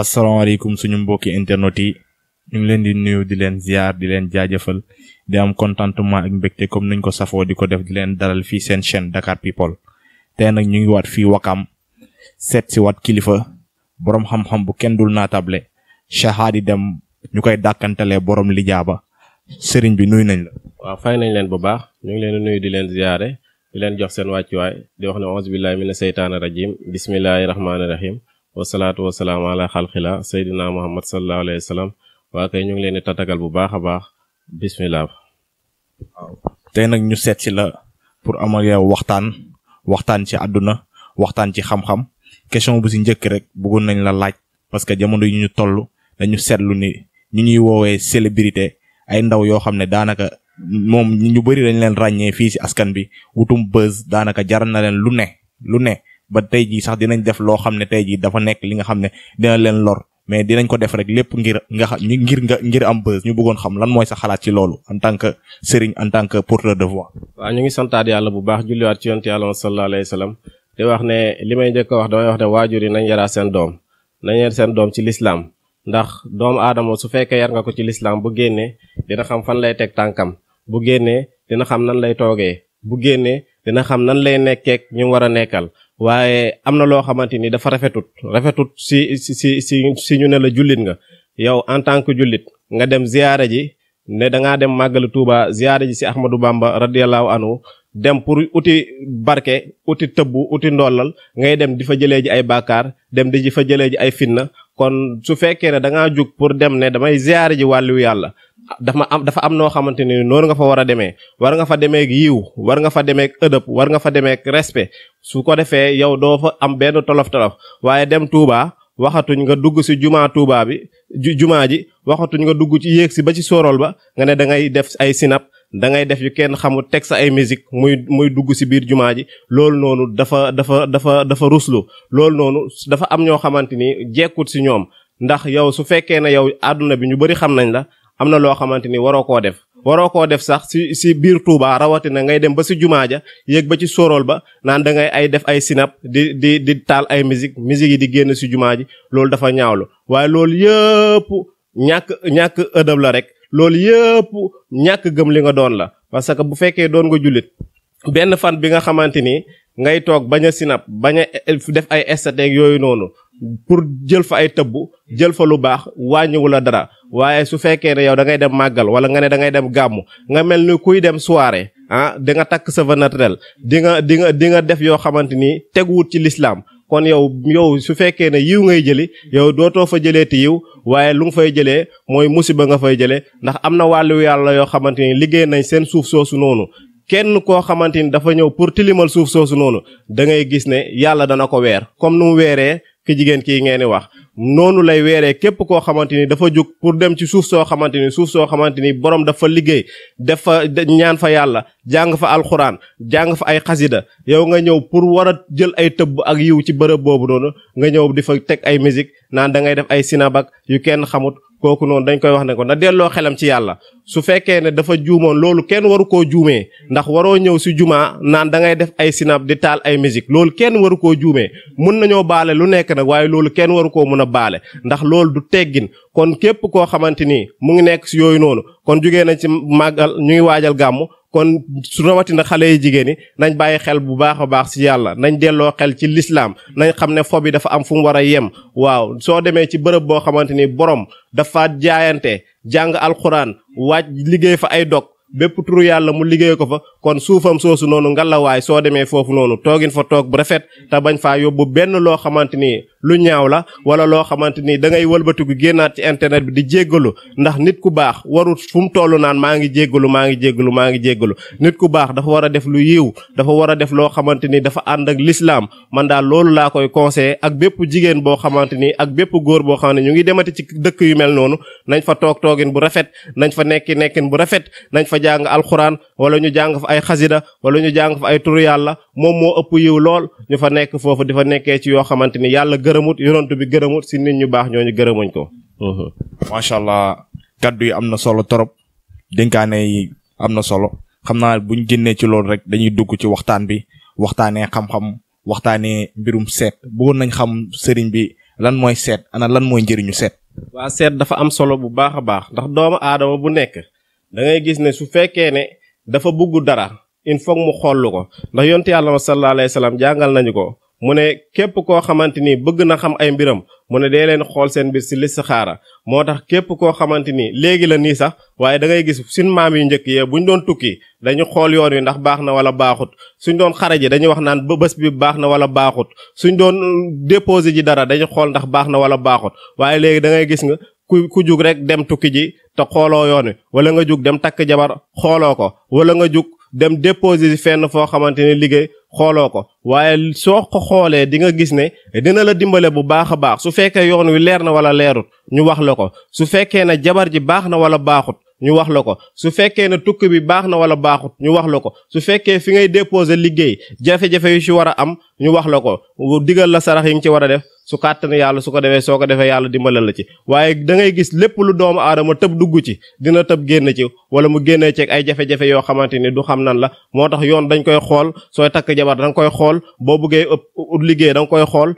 asalaamaaleykum suñu mbokki internet yi ñu ngi leen di nuyu di leen ziar di leen jaajëfal di am contentement ak mbégte comme niñ ko safoo di ko def di leen daral fii seen chaîne Dakar People tey nag ñu ngi waat fii Wakam seet si waat kilifa boroom xam-xam bu kenn dul naatable Cheikh Hady Deme ñu koy dàkkantalee borom ba sëriñ bi nuyu nañ la. waaw fay nañ leen bu baax ñu ngi leen di nuyu di leen ziare di leen jox seen wàccuwaay di wax ne auzu billaahi mina seytaani rajiim bismillaahi rahmaani rahiim. wasalaatu wasalaam ala xalqila saydina muhammad sallallahu alayhi wa sallam waa kay ñu ngi leen di tatagal bu baax a baax bismillah te nag ñu seet ci la pour amal yow waxtaan waxtaan ci àdduna waxtaan ci xam-xam question bu si njëkk rek bëggoon nañ la laaj parce que jamono yi ñu toll dañu seetlu ni ñu ñuy woowee célébrité ay ndaw yoo xam ne daanaka moom ñu bëri dañ leen ràññee fii ci askan bi wutum buzz daanaka jaral na leen lu ne lu ne ba tey jii sax dinañ def loo xam ne tey jii dafa nekk li nga xam ne dina leen lor mais dinañ ko def rek lépp ngir nga xam ngir nga ngir am buzz ñu bëggoon xam lan mooy sax xalaat ci loolu en tant que sëriñ en tant que porteur de voix. waaw ñu ngi santaat yàlla bu baax julliwaat ci yonent yàlla sallallahu alayhi wa sallam di wax ne li may wax damay wax ne waajur yi nañ yaraat seen doom nañ yar seen doom ci lislaam ndax doomu aadama su fekkee yar nga ko ci lislaam bu génnee dina xam fan lay teg tànkam bu génnee dina xam nan lay toogee bu génnee dina xam nan lay nekkeek ñu war a nekkal waaye am na loo xamante ni dafa rafetut rafetut si si si si ñu ne la jullit nga yow en tant que jullit nga dem ziyaara ji ne dangaa dem màggali Tuuba ziyaara ji si Ahmadou Bamba radiyallahu anhu dem pour uti barke uti tëbbu uti ndollal ngay dem di fa jëlee ji ay bàkkaar dem di fa jëlee ji ay fitna kon su fekkee ne da ngaa jug pour dem ne damay ziyaare ji wàlliwu yàlla dafa am dafa am noo xamante ni noonu nga fa war a demee war nga fa demee ak yiw war nga fa demee ak ëdëb war nga fa demee ak respect su ko defee yow doo fa am benn tolof tolof waaye dem tuubaa waxatuñ nga dugg ci jumaa Touba bi jumaa ji waxatuñ nga dugg ci yéeg si ba ci sorol ba nga ne da ngay def ay sinap da ngay def yu kenn xamul teg sa ay musique muy muy dugg si biir jumaa ji loolu noonu dafa dafa dafa dafa ruslu loolu noonu dafa am ñoo xamante ni jekkut ci ñoom ndax yow su fekkee ne yow àdduna bi ñu bari xam nañ la am na loo xamante ni waroo koo def waroo koo def sax si si biir Touba rawatina ngay dem ba si jumaa ja yéeg ba ci sóoróol ba naan da ngay ay def ay sinap di di di taal ay musique musique yi di génn si jumaa ji loolu dafa ñaawlu waaye loolu yëpp ñàkk ñàkk ëdëb rek loolu yëpp ñàkk gëm li nga doon la parce que bu fekkee doon nga jullit benn fan bi nga xamante ni ngay toog bañ a sinap bañ a eh, def ay estateeg yooyu noonu pour jël fa ay tëbb jël fa lu baax wàññiwu la dara waaye su fekkee ne yow da ngay dem màggal wala nga ne da ngay dem gàmmu nga mel ni kuy dem soirée ah di nga takk sa va naturel di nga di nga di nga def yoo xamante ni teguwut ci lislaam kon yow yow su fekkee ne yiw ngay jëli yow dootoo fa jëlee ti yiw waaye lu nga fay jëlee mooy musiba nga fay jëlee ndax am na wàllu yàlla yoo xamante ni liggéey nañ seen suuf soosu noonu kenn koo xamante ni dafa ñëw pour tilimal suuf soosu noonu da ngay gis ne yàlla dana ko weer comme nu mu weeree ki jigéen kii ngeen di wax noonu lay weeree képp koo xamante ni dafa jóg pour dem ci suuf soo xamante ni suuf soo xamante ni borom dafa liggéey def fa ñaan fa yàlla jàng fa alxuraan jàng fa ay xasida yow nga ñëw pour war a jël ay tëbb ak yiw ci bërëb boobu noonu nga ñëw di fa teg ay musique naan da ngay def ay sinabak yu kenn xamut kooku noonu dañ koy wax ne ko na delloo xelam ci yàlla su fekkee ne dafa juumoon loolu kenn waru koo juumee ndax waroo ñëw si jumaa naan dangay def ay sinab di taal ay musique loolu kenn waru koo juumee mun nañoo baale lu nekk nag waaye loolu kenn waru koo mën a baale ndax loolu du teggin kon képp koo xamante ni mu ngi nekk si yooyu noonu kon jugee nañ ci màggal ñu waajal gàmmu kon su rawatina xale yi jigéen ñi nañ bàyyi xel bu baax a baax si yàlla nañ delloo xel ci lislaam nañ xam ne fo bi dafa am fu mu war a yem waaw soo demee ci bërëb boo xamante ni borom dafa jaayante jàng alxuraan waaj liggéey fa ay dog bépp turu yàlla mu liggéey ko fa kon suufam soosu noonu ngalawaay soo demee foofu noonu toogin fa toog bu rafet te bañ faa yóbbu benn loo xamante ni lu ñaaw la wala loo xamante ni da ngay wëlbatiku génnaat ci internet bi di jéggalu ndax nit ku baax warut fu mu toll naan maa ngi jéggalu maa ngi jéggalu maa ngi jéggalu nit ku baax dafa war a def lu yiw dafa war a def loo xamante ni dafa ànd ak lislaam man daal loolu laa koy conseillé ak bépp jigéen boo xamante ni ak bépp góor boo xam ne ñu ngi demati ci dëkk yu mel noonu nañ fa toog toogin bu rafet nañ fa nekki nekkin bu rafet nañ fa jàng alxuraan ay xasida wala ñu jàng fa ay turu yàlla moom moo ëpp yiw lool ñu fa nekk foofu di fa nekkee ci yoo xamante ni yàlla gërëmut yonent bi gërëmut si nit ñu baax ñooñu gërëmuñ ko. Mhm. macha allah kaddu yi am na solo trop dénkaane am na solo xam naa bu ñu génnee ci loolu rek dañuy dugg ci waxtaan bi waxtaanee xam-xam waxtaanee mbirum seet bëggoon nañ xam sëriñ bi lan mooy seet ana lan mooy njëriñu seet. waa seet dafa am solo bu baax a baax ndax doomu aadama bu dafa bëgg dara il faut mu xollu ko ndax yonte yàlla ma sallallahu salaam jàngal nañu ko mu ne képp koo xamante ni bëgg na xam ay mbiram mu ne dee leen xool seen mbir si listixaara moo tax képp koo xamante ni léegi la nii sax waaye da ngay gis suñ maam yi njëkk yee bu ñu doon tukki dañu xool yoon wi ndax baax na wala baaxut suñ doon xare ji dañuy wax naan ba bés bi baax na wala baaxut suñ doon déposé ji dara dañu xool ndax baax na wala baaxut waaye tukki ji te xooloo yoon wi wala nga jug dem takk jabar xooloo ko wala nga jug dem déposer fenn foo xamante ni liggéey xooloo ko waaye soo ko xoolee di nga gis ne dina la dimbale bu baax a baax su fekkee yoon wi leer na wala leerut ñu wax la ko su fekkee ne jabar ji baax na wala baaxut ñu wax la ko su fekkee ne tukki bi baax na wala baaxut ñu wax la ko su fekkee fi ngay déposer liggéey jafe-jafe yu ci war a am ñu wax la ko digal la sarax yi nga ci war a def su kàttan yàlla su ko defee soo ko defee yàlla di dimbalal la ci waaye dangay gis lépp lu doomu aadama tëb dugg ci dina tëb génn ci wala mu génnee ci ay jafe-jafe yoo xamante ni du xam nan la moo tax yoon dañu koy xool sooy takk jabar danga koy xool boo buggee ut liggéey da nga koy xool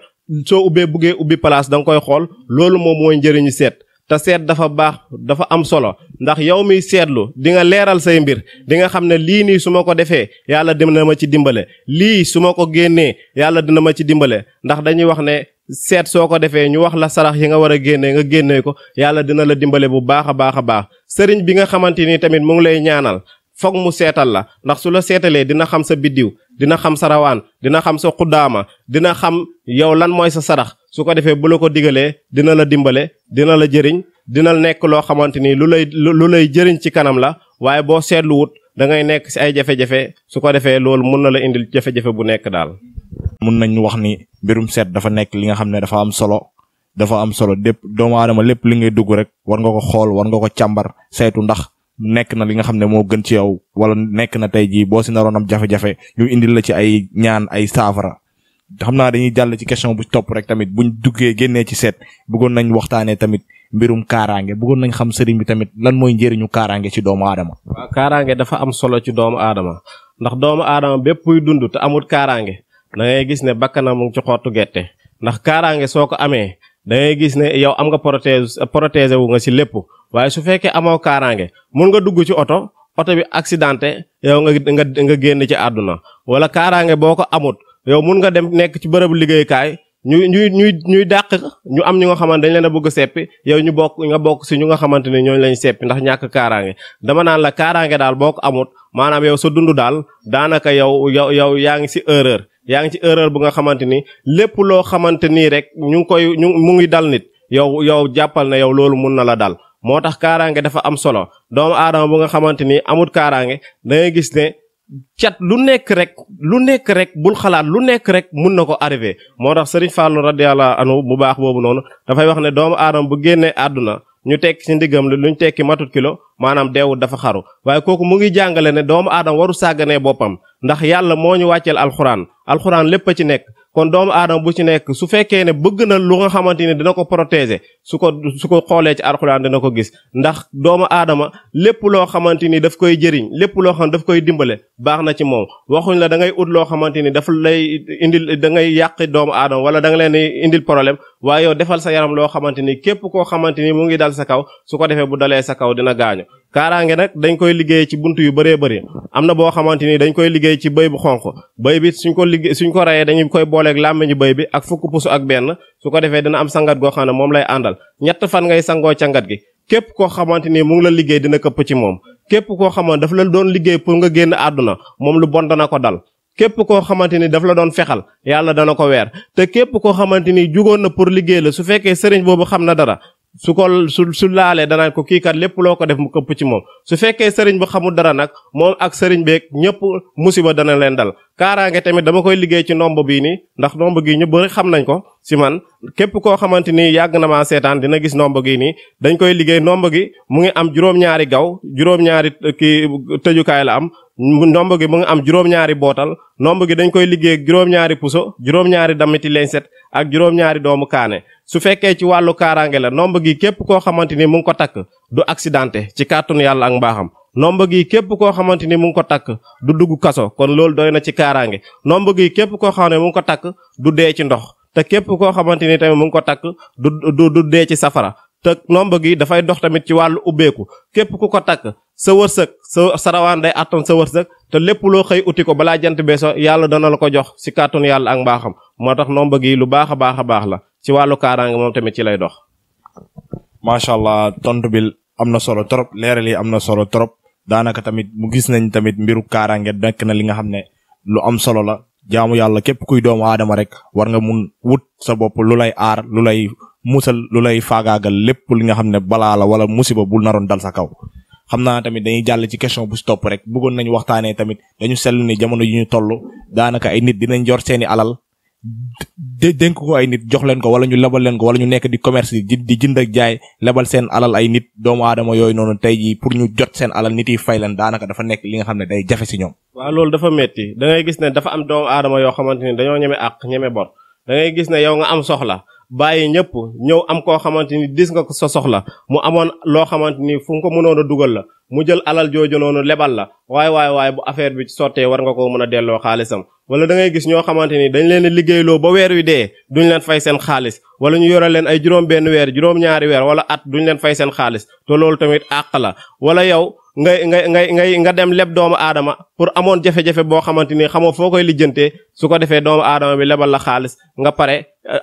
soo ubbee buggee ubbi place da koy xool loolu moom mooy njëriñu seet te seet dafa baax dafa am solo ndax yow miy seetlu di nga leeral say mbir di nga xam ne lii nii su ma ko defee yàlla na ma ci dimbale lii su ma ko génnee yàlla dina ma ci dimbale ndax dañuy wax ne seet soo ko defee ñu wax la sarax yi nga war a génnee nga génnee ko yàlla dina la dimbale bu baax a baax a baax sëriñ bi nga xamante ni tamit mu ngi lay ñaanal foog mu seetal la ndax su la seetalee dina xam sa biddiw dina xam sa rawaan dina xam sa xuddaama dina xam yow lan mooy sa sarax su ko defee bu la ko digalee dina la dimbale dina la jëriñ dina nekk loo xamante ni lu lay lu lay jëriñ ci kanam la waaye boo seetluwut da ngay nekk ci ay jafe-jafe su ko defee loolu mun na la indil jafe-jafe bu nekk daal. mun nañu wax ni mbirum seet dafa nekk li nga xam ne dafa am solo dafa am solo dépp doomu aadama lépp li ngay dugg rek war nga ko xool war nga ko càmbar saytu ndax. nekk na li nga xam ne moo gën ci yow wala nekk na tey jii boo si naroon am jafe-jafe ñu indil la ci ay ñaan ay saafara xam naa dañuy jàll ci question bu topp rek tamit buñ duggee génnee ci seet bëggoon nañ waxtaanee tamit mbirum kaaraange bëggoon nañ xam sëriñ bi tamit lan mooy njëriñu kaaraange ci doomu aadama. waaw kaaraange dafa am solo ci doomu aadama ndax doomu aadama bépp buy dund te amul kaaraange da gis ne bakkanam mu ngi ci xottu gerte ndax kaaraange soo ko amee da gis ne yow am nga protège protégé wu nga si lépp waaye su fekkee amoo kaaraange mun nga dugg ci oto oto bi accidenté yow nga nga nga génn ci àdduna wala kaaraange boo ko amut yow mun nga dem nekk ci bërëbu liggéeykaay ñu ñuy ñuy ñuy dàq ñu am ñu nga xamante dañ leen a bëgg a seppi yow ñu bokk nga bokk si ñu nga xamante ne ñooñu lañ seppi ndax ñàkk kaaraange dama naan la kaaraange daal boo ko amut maanaam yow sa dund daal daanaka yow yow yow yaa ngi si erreur yaa ngi ci erreur bu nga xamante ni lépp loo xamante nii rek ñu ngi koy ñu mu ngi dal nit yow yow jàppal na yow loolu mun na la dal moo tax kaaraange dafa am solo doomu aadama bu nga xamante ni amut kaaraange da gis ne cat lu nekk rek lu nekk rek bul xalaat lu nekk rek mun na ko arrivé moo tax Serigne Fallou radiyallahu anhu bu baax boobu noonu dafay wax ne doomu aadama bu génnee àdduna ñu tekki ci ndiggam li luñ tekki matut kilo maanaam deewut dafa xaru waaye kooku mu ngi jàngale ne doomu aadama waru sàgganee boppam ndax yàlla moo ñu wàcceel alxuraan alxuraan lépp a ci nekk kon doomu aadama bu ci nekk su fekkee ne bëgg na lu nga xamante ne dina ko protéger su ko su ko xoolee ci alxuraan dina ko gis ndax doomu aadama lépp loo xamante ni daf koy jëriñ lépp loo xam daf koy dimbale baax na ci moom waxuñ la da ngay ut loo xamante ni daf lay indil da ngay yàq doomu aadama wala da nga leen indil problème waaye yow defal sa yaram loo xamante ni képp koo xamante ni mu ngi dal sa kaw su ko defee bu dalee sa kaw dina gaañu kaaraange nag dañ koy liggéey ci bunt yu bëree bëri am na boo xamante ni dañ koy liggéey ci bëy bu xonq bëy bi suñ ko liggéey suñ ko reyee dañu koy booleeg làmmiñu bëy bi ak fukk pusu ak benn su ko defee dina am sangat goo xam ne moom lay àndal ñett fan ngay sangoo cangat gi képp koo xamante ni mu ngi la liggéey dina këpp ci moom képp koo xamante dafa la doon liggéey pour nga génn àdduna moom lu bon dana ko dal képp koo xamante ni daf la doon fexal yàlla dana ko weer te képp koo xamante ni jugoon na pour liggéey la su fekkee sëriñ boobu xam na dara su ko su su laalee danaan ko kii kat lépp loo ko def mu këpp ci moom su fekkee sëriñ bu xamul dara nag moom ak sëriñ beeg ñëpp musiba dana leen dal kaaraange tamit dama koy liggéey ci ndomb bii nii ndax ndomb gi ñu bëri xam nañ ko si man képp koo xamante ni yàgg na maa seetaan dina gis ndomb gi nii dañ koy liggéey ndomb gi mu ngi am juróom-ñaari gaw juróom-ñaari kii tëjukaay la am ndomb gi mu ngi am juróom-ñaari bootal ndomb gi dañ koy liggéey juróom-ñaari puso juróom-ñaari damiti lenset ak juróom-ñaari doomu kaane su fekkee ci wàllu kaaraange la ndomb gi képp koo xamante ni mu ngi ko takk du accidenté ci kàttanu yàlla ak mbaaxam nomba gi képp koo xamante ni mu ngi ko takk du dugg kaso kon loolu doy na ci kaaraange nomba gi képp koo xam ne mu ngi ko takk du dee ci ndox te képp koo xamante ni tamit mu ngi ko takk du du du dee ci safara te nomba gi dafay dox tamit ci wàllu ubbeeku képp ku ko takk sa wërsëg sa sarawaan day attan sa wërsëg te lépp loo xëy uti ko balaa jant beeso yàlla dana la ko jox si kàttun yàlla ak mbaaxam moo tax nomba gi lu baax a baax a baax la ci wàllu kaaraange moom tamit ci lay dox. am na solo trop leeral am na solo trop daanaka tamit mu gis nañ tamit mbiru kaaraange nekk na li nga xam ne lu am solo la jaamu yàlla képp kuy doomu aadama rek war nga mun wut sa bopp lu lay aar lu lay musal lu lay faagaagal lépp li nga xam ne balaa la wala musiba bu naroon dal sa kaw. xam naa tamit dañuy jàll ci question bu si topp rek bëggoon nañu waxtaanee tamit dañu seetlu ni jamono yi ñu toll daanaka ay nit dinañ jor seeni alal dénk ko ay nit jox leen ko wala ñu lebal leen ko wala ñu nekk di commerce di di jënd ak jaay lebal seen alal ay nit doomu aadama yooyu noonu tey jii pour ñu jot seen alal nit yi fay leen daanaka dafa nekk li nga xam ne day jafe si ñoom. waaw loolu dafa metti dangay gis ne dafa am doomu aadama yoo xamante ne dañoo ñeme àq ñeme bor da gis ne yow nga am soxla. bàyyi ñëpp ñëw am koo xamante ni dis nga ko sa soxla mu amoon loo xamante ni fu nga ko mënoon a dugal la mu jël alal jooju noonu lebal la waaye waaye waaye bu affaire bi sottee war nga ko mën a delloo xaalisam wala dangay gis ñoo xamante ni dañ leen liggéeyloo ba weer wi dee duñ leen fay seen xaalis wala ñu yore leen ay juróom benn weer juróom-ñaari weer wala at duñ leen fay seen xaalis te loolu tamit àq la wala yow nga nga ngay ngay nga dem leb doomu aadama pour amoon jafe-jafe boo xamante ni xamoo foo koy lijjantee su ko defee doomu aadama bi lebal la xaalis nga pare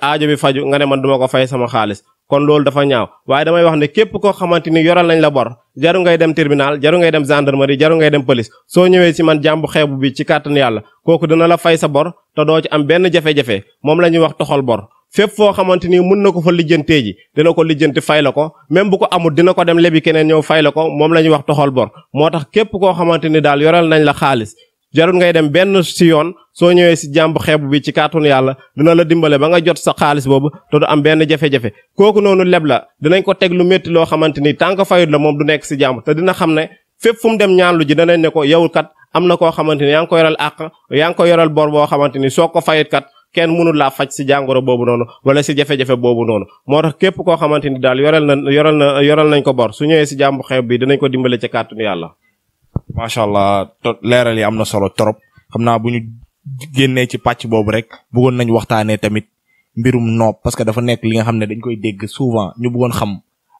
aajo bi faju nga ne man duma ko fay sama xaalis kon loolu dafa ñaaw waaye damay wax ne képp koo xamante ni yoral nañ la bor jaru ngay dem tribunal jaru ngay dem gendarmerie jaru ngay dem police soo ñëwee ci man jàmbu xeebu bi ci kàttan yàlla kooku dina la fay sa bor te doo ci am benn jafe-jafe moom la ñuy wax toxal bor fépp foo xamante ni mën na ko fa lijjantee ji dina ko lijjanti fay la ko même bu ko amul dina ko dem lebi keneen ñëw fay la ko moom la ñuy wax toxal bor moo tax képp koo xamante ni daal yoral nañ la xaalis jarul ngay dem benn si yoon soo ñëwee si jàmb xeeb bi ci kàttanu yàlla dina la dimbale ba nga jot sa xaalis boobu te du am benn jafe-jafe kooku noonu leb la dinañ ko teg lu métti loo xamante ni tant que fayut la moom du nekk si jàmb te dina xam ne fépp fu mu dem ñaan lu ji danañ ne ko yow kat am na koo xamante ni yaa ngi ko yoral àq yaa ngi ko yoral bor boo xamante ni soo ko fayut kat kenn mënul laa faj si jàngoro boobu noonu wala si jafe-jafe boobu noonu moo tax képp koo xamante ni daal yoral na yoral na yoral nañ ko bor su ñëwee si jàmb xeeb bi dinañ ko dimbale ci kàttanu yàlla macha allah leeral yi am na solo trop génnee ci pàcc boobu rek bëggoon nañu waxtaanee tamit mbirum nopp parce que dafa nekk li nga xam ne dañu koy dégg souvent ñu buggoon xam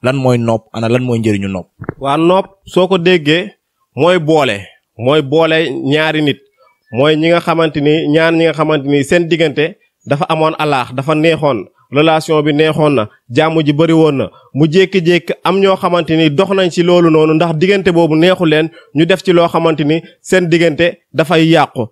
lan mooy nopp ana lan mooy njëriñu nopp. waa nopp soo ko déggee mooy boole mooy boole ñaari nit mooy ñi nga xamante ni ñaar ñi nga xamante ni seen diggante dafa amoon alaax dafa neexoon relation bi neexoon na jàmm ji bëri woon na mu jékki-jékki am ñoo xamante ni dox nañ ci loolu noonu ndax diggante boobu neexu leen ñu def ci loo xamante ni seen diggante dafay yàqu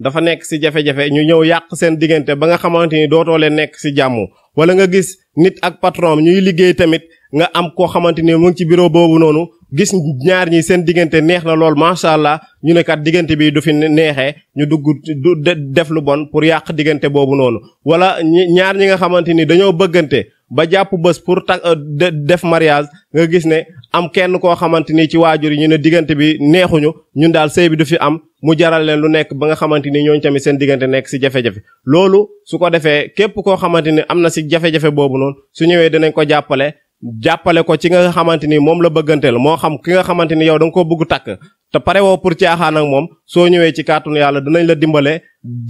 dafa nekk ci jafe-jafe ñu ñëw yàq seen diggante ba nga xamante ni dootoo leen nekk ci jàmmu wala nga gis nit ak patron ñuy liggéey tamit nga am koo xamante ni mu ci bureau boobu noonu gis ñaar ñi seen diggante neex na lool macha allah ñu ne kat diggante bi du fi neexee ñu dugg du def lu bon pour yàq diggante boobu noonu wala ñaar ñi nga xamante ni dañoo bëggante ba jàpp bës pour ta euh, def mariage nga gis ne am kenn koo xamante ni ci waajur yi ñu ne diggante bi neexuñu ñun daal sëy du fi am mu jaral leen lu nekk ba nga xamante ni ñooñu tamit seen diggante nekk si jafe-jafe loolu su ko defee képp koo xamante ni am na si jafe-jafe boobu noonu su ñëwee dinañ ko jàppale jàppale ko ci nga xamante ni moom la bëgganteel moo xam ki nga xamante ni yow da koo bëgg takk te pare woo pour caaxaan ak moom soo ñëwee ci kàttanu yàlla dinañ la dimbale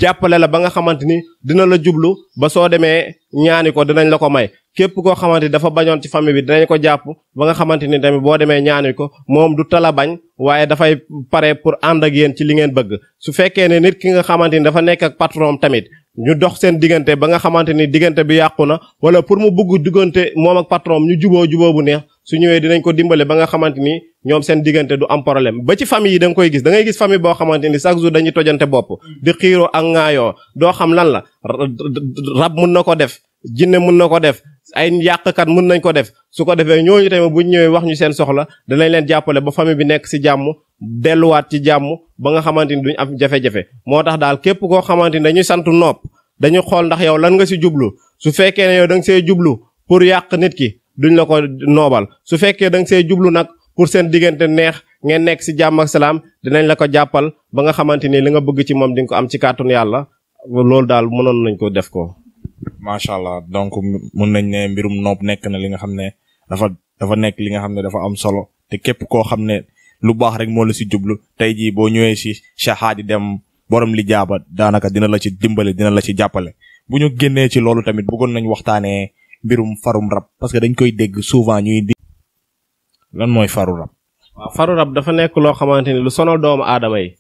jàppale la ba nga xamante ni dina la jublu ba soo demee ñaani ko dinañ la ko may képp koo xamante ni dafa bañoon ci famille bi dinañ ko jàpp ba nga xamante ni tamit boo demee ñaani ko moom du tala bañ waaye dafay pare pour ànd ak yéen ci li ngeen bëgg su fekkee ne nit ki nga xamante ni dafa nekk ak patron tamit ñu dox seen diggante ba nga xamante ni diggante bi yàqu na wala pour mu bugg diggante moom ak patron ñu juboo juboo bu neex su ñëwee dinañ ko dimbale ba nga xamante ni ñoom seen diggante du am problème ba ci famille yi da koy gis da gis famille boo xamante ni chaque jour dañuy tojante bopp di xiiroo ak ŋaayoo doo xam lan la rab mun na ko def jinne mun na ko def ay yàqkat mën nañ ko def su ko defee ñooñu tamit bu ñëwee wax ñu seen soxla danañ leen jàppale ba famille bi nekk ci jàmm delluwaat ci jàmm ba nga xamante ni duñ am jafe-jafe moo tax daal képp koo xamante ni dañuy sant nopp dañuy xool ndax yow lan nga si jublu su fekkee ne yow da see jublu pour yàq nit ki duñ la ko noobal su fekkee da see jublu nag pour seen diggante neex ngeen nekk si jàmm ak salaam dinañ la ko jàppal ba nga xamante ni li nga bëgg ci moom di ko am ci kàttanu yàlla loolu daal mënoon nañ ko def ko. macha allah donc mun nañ ne mbirum nopp nekk na li nga xam ne dafa dafa nekk li nga xam ne dafa am solo te képp koo xam ne lu baax rek moo la si jublu tey jii boo ñëwee si shahaadi dem borom li jaaba daanaka dina la ci dimbali dina la ci jàppale bu ñu génnee ci loolu tamit bëggoon nañ waxtaanee mbirum farum rab parce que dañ koy dégg souvent ñuy di lan mooy faru rab waa faru rab dafa nekk loo xamante ni lu sonal doomu aadama yi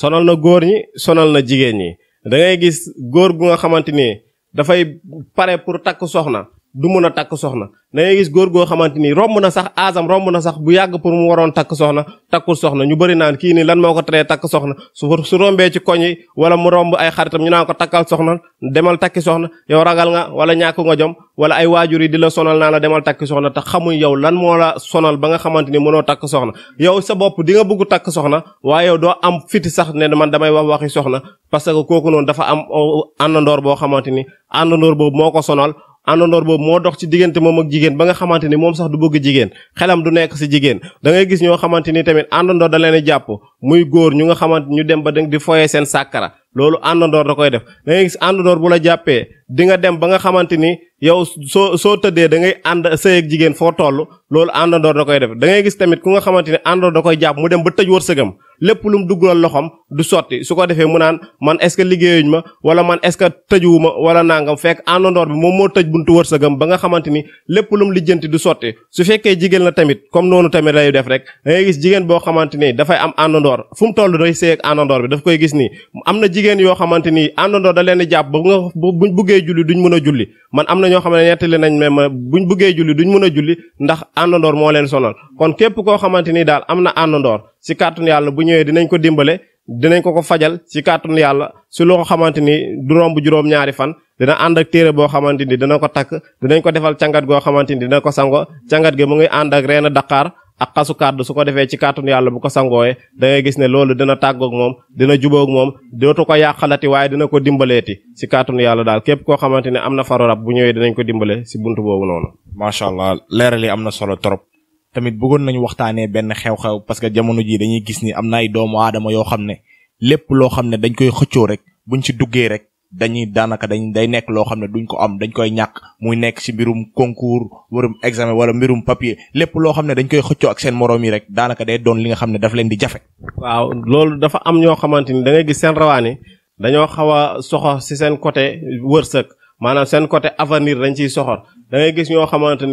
sonal na góor ñi sonal na jigéen ñi da gis góor gu xamante ni dafay pare pour takk soxna du mun a takk soxna da ngay gis góor goo xamante ni romb na sax aasam romb na sax bu yàgg pour mu waroon takk soxna takkul soxna ñu bëri naan kii nii lan moo ko teree takk soxna su su rombee ci koñ yi wala mu romb ay xaritam ñu naan ko takkal soxna demal takki soxna yow ragal nga wala ñàkk nga jom wala ay waajur yi di la sonal naa la demal takki soxna te xamuñ yow lan moo la sonal ba nga xamante ni mënoo takk soxna yow sa bopp di nga bëgg takk soxna waaye doo am fiti sax ne man damay wax waxi soxna parce que kooku noonu dafa am oh, àndandoor boo xamante ni àndandoor boobu moo ko sonal àndandoor boobu moo dox ci diggante moom ak jigéen ba nga xamante ni moom sax du bëgg jigéen xelam du nekk si jigéen dangay gis ñoo xamante ni tamit àndandoor da leen jàpp muy góor ñu nga xamante ñu dem ba di foyee seen sàkkara loolu àndandoor da koy def da ngay gis àndandoor bu la jàppee di nga dem ba nga xamante ni yow soo soo tëddee da ngay ànd sëy ak jigéen foo toll loolu àndandoor da koy def da ngay gis tamit ku nga xamante ni àndandoor da koy jàpp mu dem ba tëj wërsëgam lépp lu mu duggal loxoom du sotti su ko defee mu naan man est-ce que liggéeyuñ ma wala man est-ce que tëjuwu ma wala nangam fekk àndandoor bi moom moo tëj buntu wërsëgam ba nga xamante ni lépp lu mu lijjanti du sotti su fekkee jigéen la tamit comme noonu tamit lay def rek da jigéen boo xamante ni dafay am àndandoor fu mu toll day sëy ak bi daf koy gis ni jigéen yoo xamante ni àndandoo da leen di jàpp ba nga buñ buggee julli duñ mën a julli man am na ñoo xam ne nettali nañ mais ma buñ buggee julli duñ mën a julli ndax àndandoor moo leen sonal kon képp koo xamante ni daal am na àndandoor si kàttanu yàlla bu ñëwee dinañ ko dimbale dinañ ko ko fajal si kàttanu yàlla si loo xamante ni du bu juróom-ñaari fan dina ànd ak téere boo xamante ni dina ko takk dinañ ko defal cangat goo xamante ni dina ko sango cangat gi mu ànd ak reen Dakar ak xasu kàddu su ko defee ci kàttanu yàlla bu ko sangooye dangay gis ne loolu dina tàggook moom dina jubóog moom dootu ko yàqalati waaye dina ko dimbalee ti si kaatu yàlla daal képp koo xamante ne am na faru rab bu ñëwee dinañ ko dimbale si bunt boobu noonu. macha allah leeral am na solo trop tamit bëggoon nañu waxtaanee benn xew-xew parce que jamono jii dañuy gis ni am na ay doomu aadama yoo xam ne lépp loo xam ne dañ koy xëccoo rek buñ ci duggee rek dañuy daanaka dañ day nekk loo xam ne duñ ko am dañ koy ñàkk muy nekk ci mbirum concours warum examen wala mbirum papier lépp loo xam ne dañ koy xëccoo ak seen moroom yi rek daanaka day doon li nga xam ne daf leen di jafe. waaw loolu dafa am ñoo xamante ni da gis seen rawaani dañoo xaw a soxor ci seen côté wërsëg maanaam seen côté avenir dañ ciy soxor da gis ñoo xamante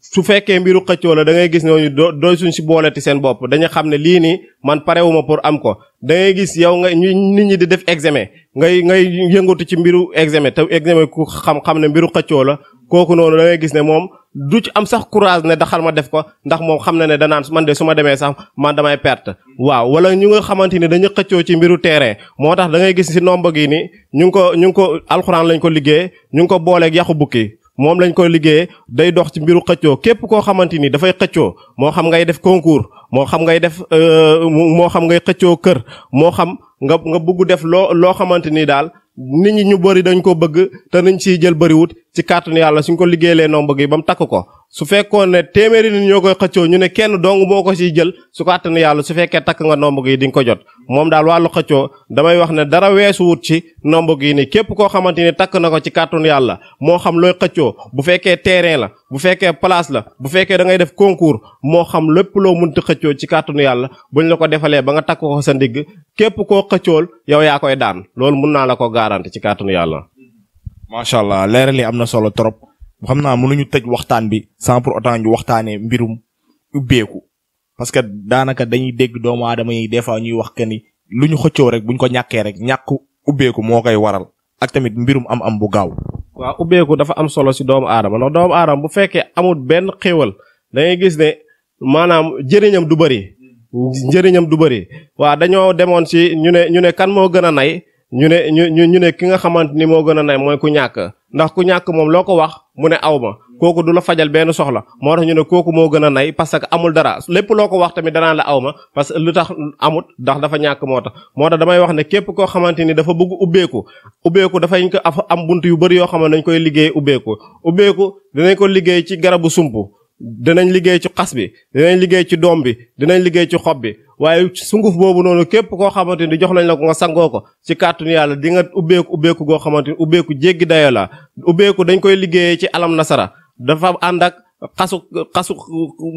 su fekkee mbiru xëccoo la da ngay gis ñooñu do doy suñ si ti seen bopp dañu xam ne lii nii man parewuma pour am ko da ngay gis yow nga ñu nit ñi di def examen ngay ngay yëngatu ci mbiru examen te examen ku xam ne mbiru xëccoo la kooku noonu da gis ne moom du ci am sax courage ne daxal ma def ko ndax moom xam na ne danaan man de su ma demee sax man damay perte waaw wala ñu nga xamante ni dañu xëccoo ci mbiru terrain moo tax da gis si nomba gi ni ñu ngi ko ñu ngi ko alxuraan lañ ko liggéey ñu ngi ko booleeg yàqu bukki moom lañ koy liggéeyee day dox ci mbiru xëccoo képp koo xamante ni dafay xëccoo moo xam ngay def concours moo xam ngay def euh, moo xam ngay xëccoo kër moo xam nga nga bëgg def loo loo xamante ni daal nit ñi ñu bari dañ ko bëgg te nañ siy jël bariwut ci kàttanu yàlla suñ ko liggéeyee lee nomba gi ba mu takk ko su fekkoon ne téeméeri nit ñoo koy xëccoo ñu ne kenn dong moo ko si jël su ko àttan yàlla su fekkee takk nga nomb gi di nga ko jot moom daal wàllu xëccoo damay wax ne dara weesu wut ci nomb gi ni képp koo xamante ni takk na ko ci kàttanu yàlla moo xam looy xëccoo bu fekkee terrain la bu fekkee place la bu fekkee da ngay def concours moo xam lépp loo munti xëccoo ci kàttanu yàlla buñ la ko defalee ba nga takk ko sa ndigg képp koo xëccool yow yaa koy daan loolu mun naa la ko garanti ci kàttanu yàlla. macha allah leeral yi am na solo trop. xam naa mënuñu tëj waxtaan bi sans pour autant waxtaanee mbirum ubbeeku parce que daanaka dañuy dégg doomu aadama yi des fois ñuy wax que lu ñu xëccoo rek buñ ko ñàkkee rek ñàkk ubbeeku moo koy waral ak tamit mbirum am-am bu gaaw. waaw ubbeeku dafa am solo si doomu aadama ndax doomu aadama bu fekkee amul benn xéewal da gis ne maanaam jëriñam du bëri. njëriñam du bëri waa dañoo demoon si ñu ne ñu ne kan moo gën a nay ñu ne ñu ñu ne ki nga xamante ni moo gën a nay mooy ku ñàkk. ndax ku ñàkk moom loo ko wax mu ne aw ma kooku du la fajal benn soxla moo tax ñu ne kooku moo gën a nay parce que amul dara lépp loo ko wax tamit danaa la aw ma parce que lu tax amut ndax dafa ñàkk moo tax moo tax damay wax ne képp koo xamante ni dafa bëgg ubbeeku ubbeeku dafay ko am bunt yu bëri yoo xam ne dañ koy liggéey ubbeeku ubbeeku dinañ ko liggéey ci garabu sump dinañ liggéey ci xas bi dinañ liggéey ci doom bi dinañ liggéey ci xob bi waaye sunguf boobu noonu képp koo xamante ni jox nañ la ko nga sangoo ko ci kàttanu yàlla di nga ubbeeku ubbeeku goo xamante ni ubbeeku jéggi dayo la ubbeeku dañ koy liggéeyee ci alam nasara dafa ànd ak xasu xasu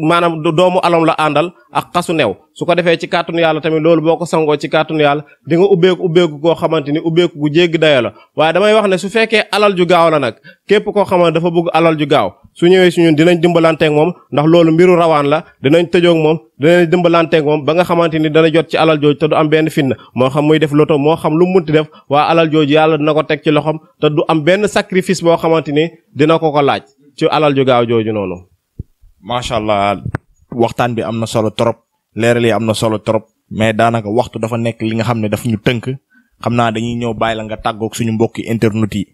maanaam doomu alam la àndal ak xasu new su ko defee ci kàttanu yàlla tamit loolu boo ko sangoo ci kàttanu yàlla di nga ubbeeku koo xamante ni ubbeeku gu jéggi dayo la waaye damay wax ne su fekkee alal ju gaaw la nag képp koo xamante dafa bëgg alal ju gaaw su ñëwee si ñun dinañ dimbalanteeg moom ndax loolu mbiru rawaan la dinañ tëjoog moom dinañ dimbalanteeg moom ba nga xamante ni dana jot ci alal jooju te du am benn fitna moo xam muy def loto moo xam lu mu munti def waa alal jooju yàlla dina ko teg ci loxoom te du am benn sacrifice boo xamante ni dina ko ko laaj ci alal ju gaaw jooju noonu. macha allah waxtaan bi am na solo trop leeral yi am na solo trop mais daanaka waxtu dafa nekk li nga xam ne daf ñu tënk xam naa dañuy ñëw bàyyi la nga tàggoog suñu mbokki internet yi.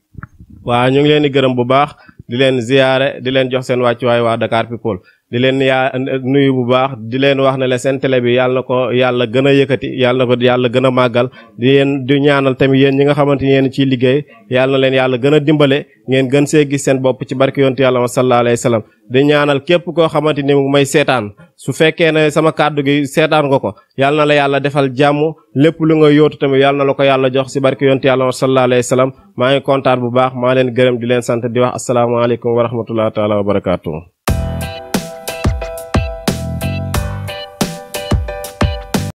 bu baax di leen ziyaare di leen jox seen wàccuwaay waa Dakar People di leen yaa nuyu bu baax di leen wax ne la seen télé bi yàlla na ko yàlla gën a yëkkati yàlla na ko yàlla gën a màggal di leen di ñaanal tamit yéen ñi nga xamante ni yéen ciy liggéey yàlla na leen yàlla gën a dimbale ngeen gën see gis seen bopp ci barke yontu yàlla wa sallallahu alayhi di ñaanal képp koo xamante ni mu may seetaan su fekkee ne sama kàddu gi seetaan nga ko yàlla na la yàlla defal jàmm lépp lu nga yóotu tamit yàlla na la ko yàlla jox si barke yontu yàlla wa sallallahu alayhi ngi kontaan bu baax maa leen gërëm di leen sant di wax asalaamaaleykum wa rahmatullahi taala